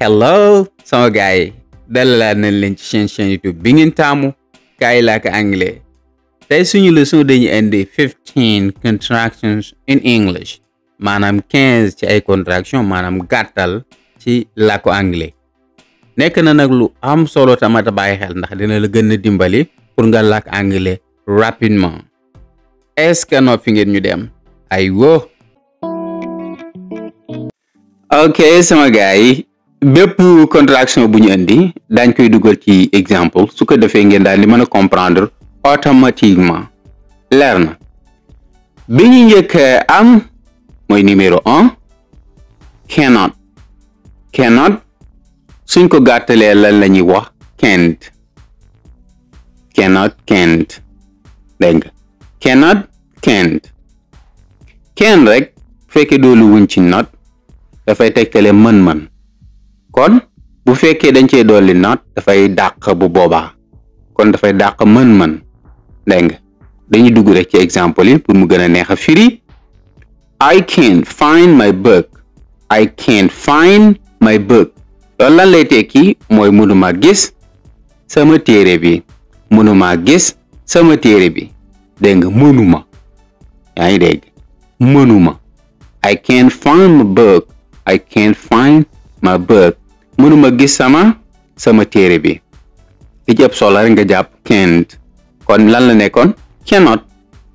hello sama gars yi dalalaat nañ leen ci chaîne chaîne YouTube bi ngeen taamu kaay làkk anglais tey suñu leçon dañu indi fifteen contractions in English maanaam quinze ci ay contraction maanaam gàttal ci làkku anglais nekk na nag lu am solo tamit a bàyyi xel ndax dina la gën a dimbali pour nga làkk anglais rapidement est-ce que noppi ngeen ñu dem ay ok sama gars bépp contraction bu ñu indi daañ koy dugal ci exemple su ko defee ngeen daal di mën a comprendre automatiquement leer na bi ñu njëkk am mooy numéro un cannot cannot suñ ko gàttalee lan la ñuy wax can't cannot can't dégg rek fekke doolu wuñ ci not dafay tegtale mën man kon bu fekkee dañ cee dolli not dafay dàq bu boobaa kon dafay dàq mën-mën dégg nga dañuy dugg rek ci exemple yi pour mu gën a neex a firi I can't find my book I can't find my book loolu lan lay tekki mooy mënuma gis sama téere bi mënuma gis sama téere bi dégg nga mënuma yaa ngi dégg mënuma I can't find my book I can't find my book mënuma gis sama sama téere bi li ci ëpp solo nga jàpp can't kon lan la nekkoon cannot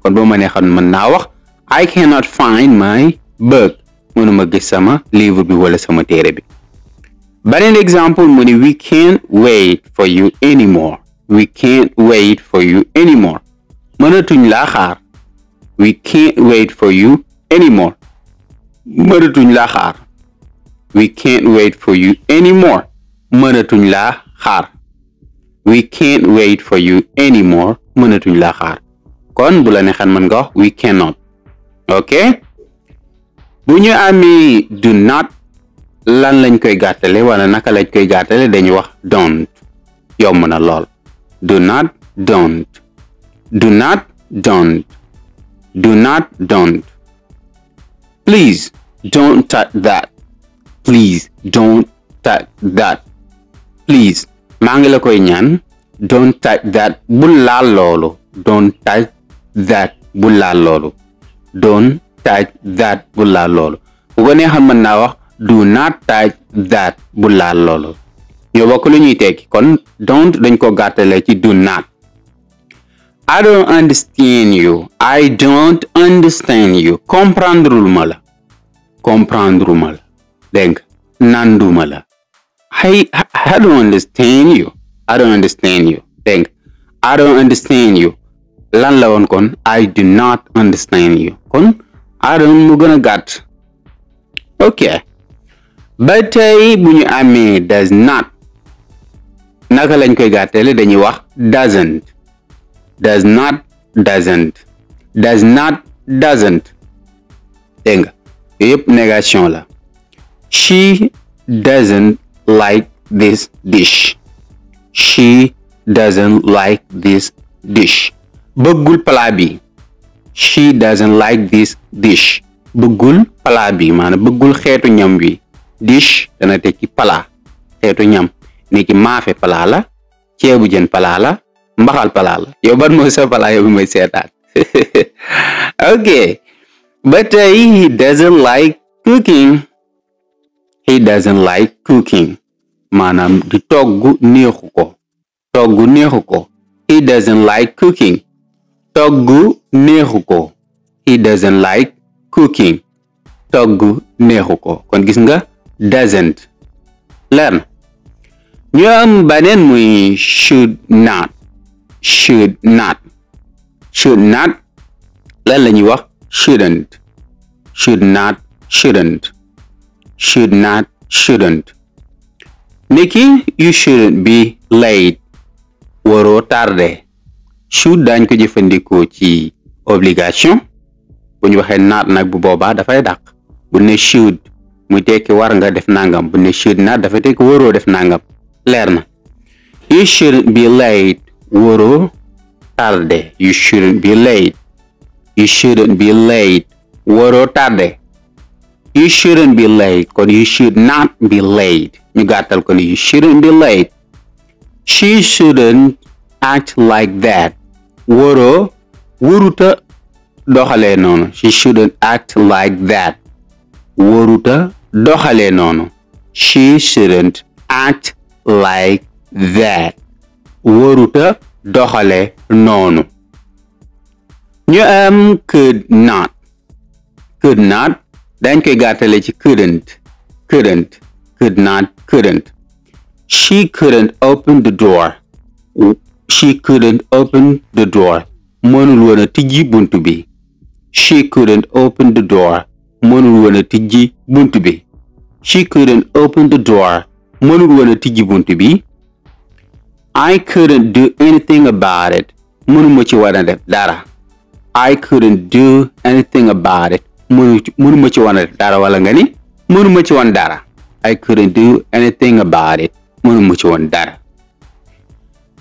kon boo ma neexoon mën naa wax I cannot find my book mënuma gis sama livre bi wala sama téere bi beneen exemple mu ne we can't wait for you anymore we can't wait mënatuñ laa xaar we can't wait for you anymore mënatuñ laa xaar we can't wait for you anymore mënatuñ la xaar we can't wait for you anymore mënatuñ laa xaar kon bu la neexee mën ngox wax we cannot ok bu ñu amee do not lan lañ koy gàttale wala naka lañ koy gàttale dañuy wax don't yomb na lool do not don't do not don't please don't touch that please don't touch that please maa ngi la koy ñaan don't touch that bul laal loolu don't touch that bul laal loolu don't touch that bul mën naa wax do not touch that bul laal loolu ñoo bokk lu ñuy tekki kon don't dañ ko gàttale ci do not I don't understand you I don't understand you comprendrewul ma la dégg nanduma la I, I don't understand you I don't understand you dégg I don't understand you lan la woon kon I do not understand you kon I don't mu gën a gàtt ok ba tey bu ñu amee does not naka lañ koy gàttale dañuy wax doesn't does not doesn't does not doesn't dégg nga yooyu yëpp négation la She doesn't like this dish. She doesn't like this dish. bëggul plat bi. She doesn't like this dish. bëggul plat bi maanaam bëggul xeetu ñam wi. dish dana tekki plat xeetu ñam ni ki maafe plat la ceebu jën plat mbaxal plat la yow ban mooy sa plat seetaan ok ba cooking he doesn't like cooking maanaam di togg neexu ko togg neexu ko he doesn't like cooking togg neexu ko he doesn't like cooking togg neexu ko kon gis nga doesn't learn ñu am baneen muy should not should not should not lan la ñuy wax shouldn't should not shouldn't should not, shouldn't. Nikki, you shouldn't be late. waroo tardé. should daañ ko jëfandikoo ci obligation bu ñu waxee naat nag bu boobaa dafay dàq bu ne should muy tekki war nga def nangam bu ne should not dafay tekki waroo def nangam leer na you shouldn't be late waroo tardé you shouldn't be late you shouldn't be late waroo tardé you shouldn't be late kon you ñu gàttal ko ni you shouldn't be late she shouldn't act like that waroo waruta doxalee noonu she shouldn't act like that waruta noonu doxale noonu ñu am could not dañ koy gàttale ci couldn't couldn't could not couldn't she couldn't open the door she couldn't open the door mënul woon a tijji bunt bi she couldn't open the door mënul woon a tijji bunt bi she couldn't open the door mënul woon a tijji bunt bi I couldn't do anything about it mënuma ci war a def dara I couldn't do anything about it mënu mënuma ci wan dara wala nga ni mënuma ci wan dara I couldn't do anything about it mënuma ci wan dara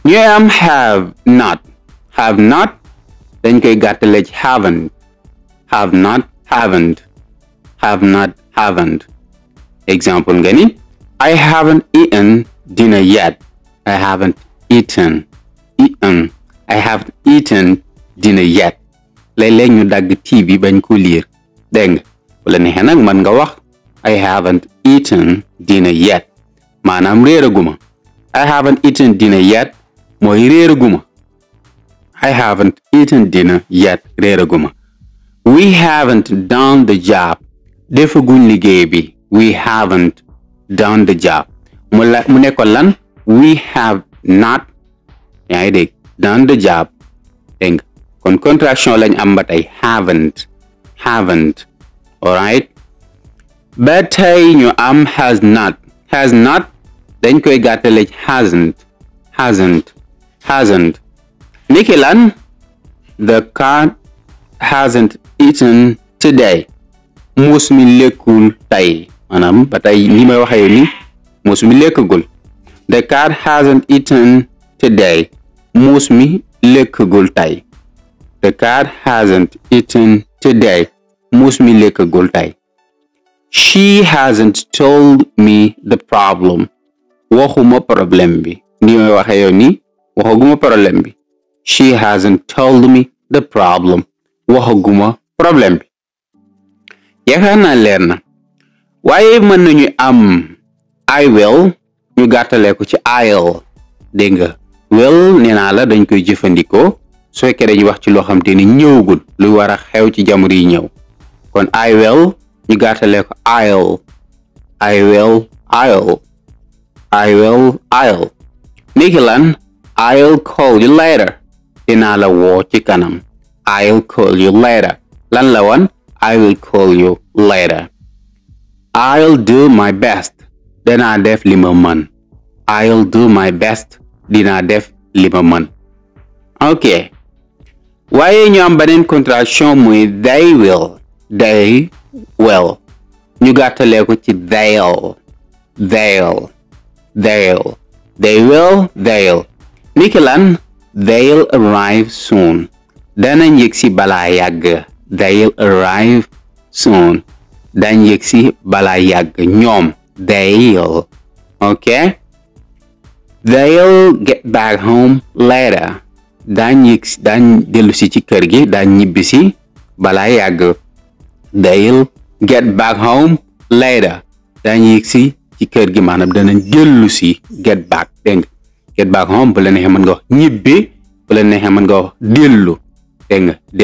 ñu am have not have not dañ koy gàttale ci haven't have not haven't have not haven't exemple nga ni I haven't eaten dinner yet I haven't eaten eaten I yet léeg ñu dagg tii bi bañ ko liir dégg nga bu la nag mën nga wax I haven't eaten dina yet maanaam réeraguma I haven't eaten dinner yet mooy réeraguma I haven't eaten dina yet réeraguma we haven't done the job defaguñ liggéey bi we haven't done the job mu la nekkoon lan we have not yaa ngi dégg done the job dégg kon contraction lañ am ba tey haven't haven't. Alright. ba tey ñu am has not has not dañ koy gàttale hasn't hasn't hasn't niki lan the cat hasn't eaten today muus lekkul tey maanaam ba tey li may waxee ni muus mi lekkagul the cat hasn't eaten today muus mi lekkagul the cat hasn't eaten today moves me like a gultai. She hasn't told me the problem. waxuma problème bi ni may waxee yow nii waxaguma problème bi she hasn't told me the problem waxaguma problème bi yaakaar naa leer na waaye mën nañu am I will ñu gàttale ko ci I'll dégg nga will nee naa la dañ koy jëfandikoo soo fekkee dañuy wax ci loo xam te ni ñëwagul luy war a xew ci jamono yi ñëw kon I will ñu gàttalee ko I'll I will I'll I will I'll niki lan I'll call you later dinaa la woo ci kanam I'll call you later lan la woon I will call you later I'll do my best danaa def li man mën I'll do my best dinaa def li man mën ok waaye ñu am beneen contraction muy they will day well ñu gàttalee ko ci they'll they'll they'll they will they'll niki lan arrive soon danañ yëg balaa yàgg they'll arrive soon dañ yëg si ñoom they'll ok get back home later dañ yëg ci kër gi dañ ñibbisi si balaa yàgg they'll get back home later daañu yëg si ci kër gi maana danañ dellu si get back dégg nga get back home bu la neexee mën nga wax ñibbi bu la neexee mën nga dellu dégg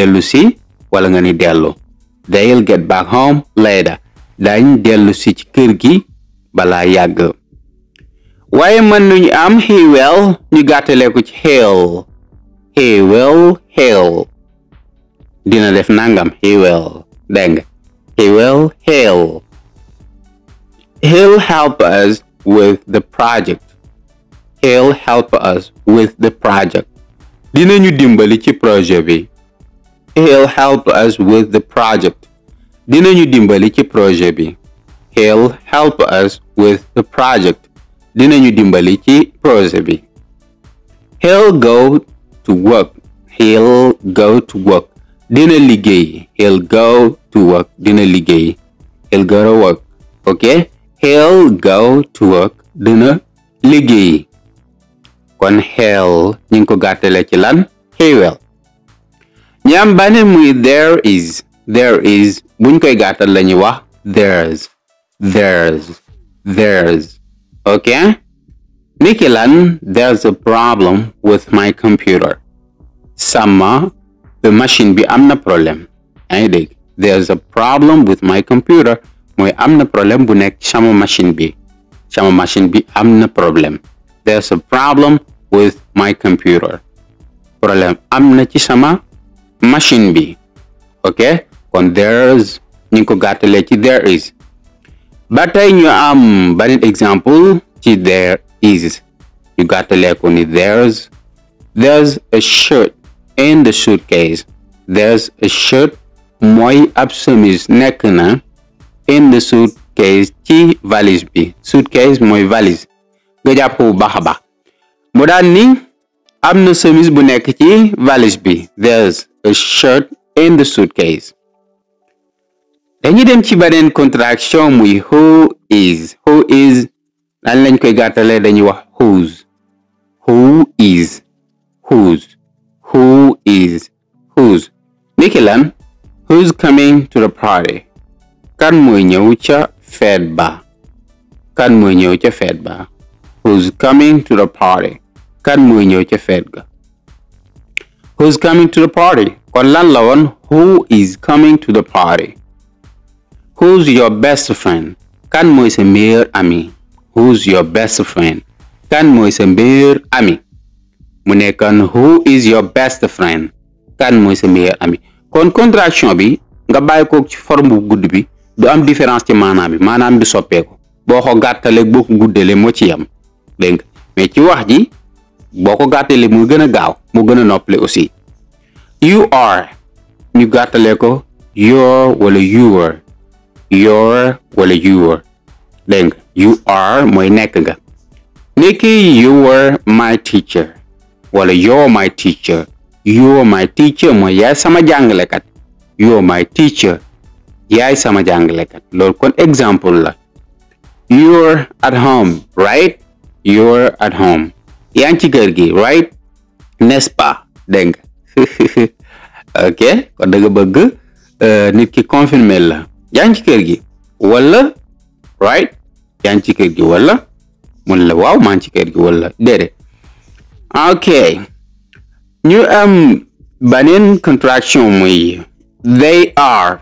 nga si wala nga ni dellu they'll get back home layda dañ dellu si ci kër gi bala yàgg mën nañu am ko ci def nangam dégg nga he will he'll he'll help us with the project he'll help us with the project dinañu dimbali ci projet bi he'll help us with the project dinañu dimbali ci projet bi he'll help us with the project dinañu dimbali ci projet bi he'll go to work he'll go to work dina liggéey he'll go to work dina liggéey he'll go to work ok dina liggéey kon he'll ñu ngi ko gàttale ci lan he will ñu am bane muy there is there is buñ koy gàttal lañuy wax there's there's there's ok niki lan there's a problem with my computer sama the machine bi am na problème yaa ngi there's a problem with my computer mooy am na problème bu nekk sama machine bi sama machine bi am na problème there's a problem with my computer problème am na ci sama machine bi ok kon there's ñu ngi ko gàttalee ci there is ba tey ñu am beneen exemple ci there is ñu gàttalee ko ni there's there's a shirt in the suitcase there's a shirt mooy ab chemise nekk na in the suitcase ci valise bi suitcase mooy valise nga jàpp bu baax ba baax mu daan ni am na chemise bu nekk ci valise bi there's a shirt in the suitcase dañuy dem ci beneen contraction muy who is who is lan lañ koy gàttalee dañuy wax whose who is whose who is niki lan who's coming to the party kan mooy ñëw ca feet ba kan mooy ñëw ca feet ba who's coming to the party kan mooy ñëw ca feet ga who's coming to the party kon lan la woon who is coming to the party who's your best friend kan mooy sa meilleur ami who's your best friend kan mooy sa meilleur mu nekkoon who is kan mooy sa ami kon contraction bi nga bàyyi ko ci forme bu gudd bi du am différence ci maanaam bi maanaam di soppeeku boo ko gàttalee boo ko guddalee moo ci yem dégg nga mais ci wax ji boo ko gàttalee moo gën a gaaw mu gën a noppale aussi you are ñu gàttalee ko your wala your your wala your dégg nga mooy nekk nga nekk you were my teacher wala you're my teacher you are my teacher mooy yaay sama jàngalekat you are my teacher yaay sama jàngalekat lool kon exemple la you are at home right you are at home yaa ngi ci kër gi right n'est-ce ok kon da bëgg euh, nit ki confirmer la yaa kër gi wala right yaa kër gi wala mun la waaw maa ngi ci kër gi wala déedéet ok ñu am baneen contraction muy they are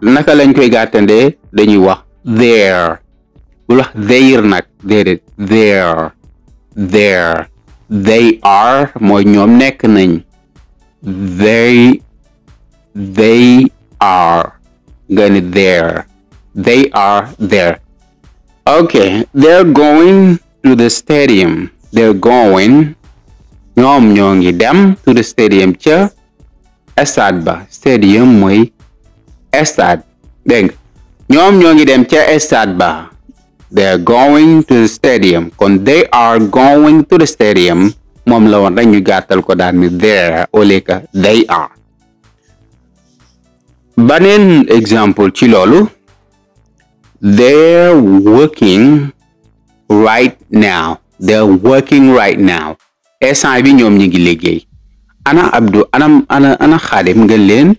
naka lañ koy gàttandee dañuy wax there bul wax theyr nag déedéet there there they are mooy ñoom nekk nañ they they are nga ne there they are there okay going to the stadium they're going ñoom ñoo ngi dem to the stadium ca stade ba stadium mooy stade dégg ñoom ñoo ngi dem ca stade ba they are going to the stadium kon they are going to the stadium moom la woon rek ñu gàttal ko daan ni there au they are baneen exemple ci loolu they're working right now they're working right now instant bi ñoom ñu ngi liggéey ana Abdou ana ana nga leen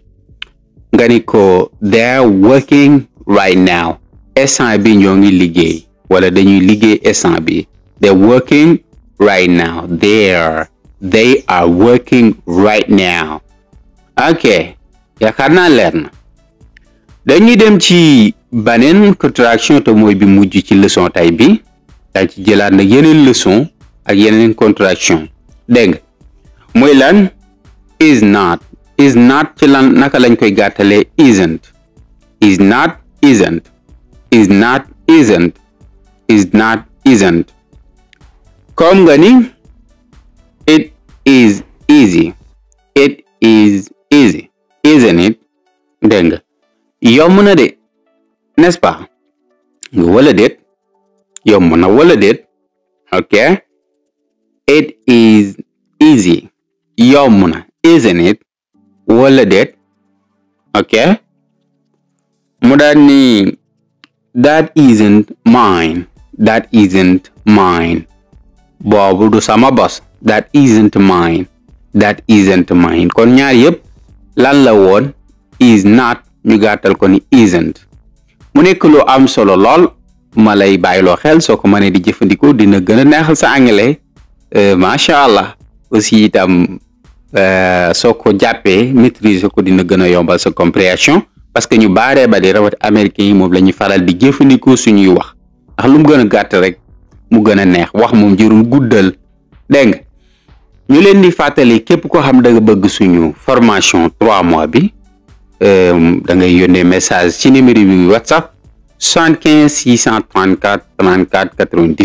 nga ni ko they are working right now instant bi ñoo ngi liggéey wala dañuy liggéey instant bi they are working right now they are working right now ok yaakaar naa leer na dañuy dem ci baneen contraction te mooy bi mujj ci leçon tay bi dañ ci jëlaat nag yeneen leçon ak yeneen contraction dégg nga mooy lan is not is not ci lan naka lañ koy gàttalee isn't is not isn't is not isn't is not isn't comme nga ni it is easy it is easy isn't it dégg yomb na de n'est-ce nga wala déet yomb na wala de ok it is easy yomb na isn't it wala déet ok mu daal ni that isn't mine that isn't mine boobu du sama bos that isn't mine that isn't mine kon ñaar yëpp lan la woon is not ñu gàttal ko ni isn't mu nekk lu am solo lool ma lay loo xel soo ko ma mënee di jëfandikoo dina gën a neexal sa anglais Euh, macha allah aussi itam euh, soo ko jàppee maîtriser ko dina gën a yombal sa compréhension parce que ñu baaree bari rawat américain yi moom la ñuy faral di jëfandikoo suñuy wax ndax lu mu gën a gàtt rek mu gën a neex wax moom jërum guddal dégg nga ñu leen di fàttali képp koo xam da bëgg suñu formation trois mois bi euh, da ngay yónnee message ci numéro bi whatsapp soixante quinze six cent trente quatre trente quatre quatre vingt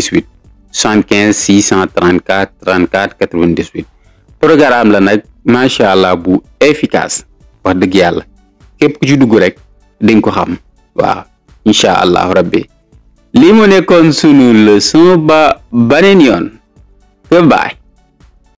75 634 34 98 programme la nag macha allah bu efficace wax dëgg yàlla képp ku ci dugg rek dañ ko xam waaw incha allah rabbi lii mu nekkoon sunu leçon ba baneen yoon goodbye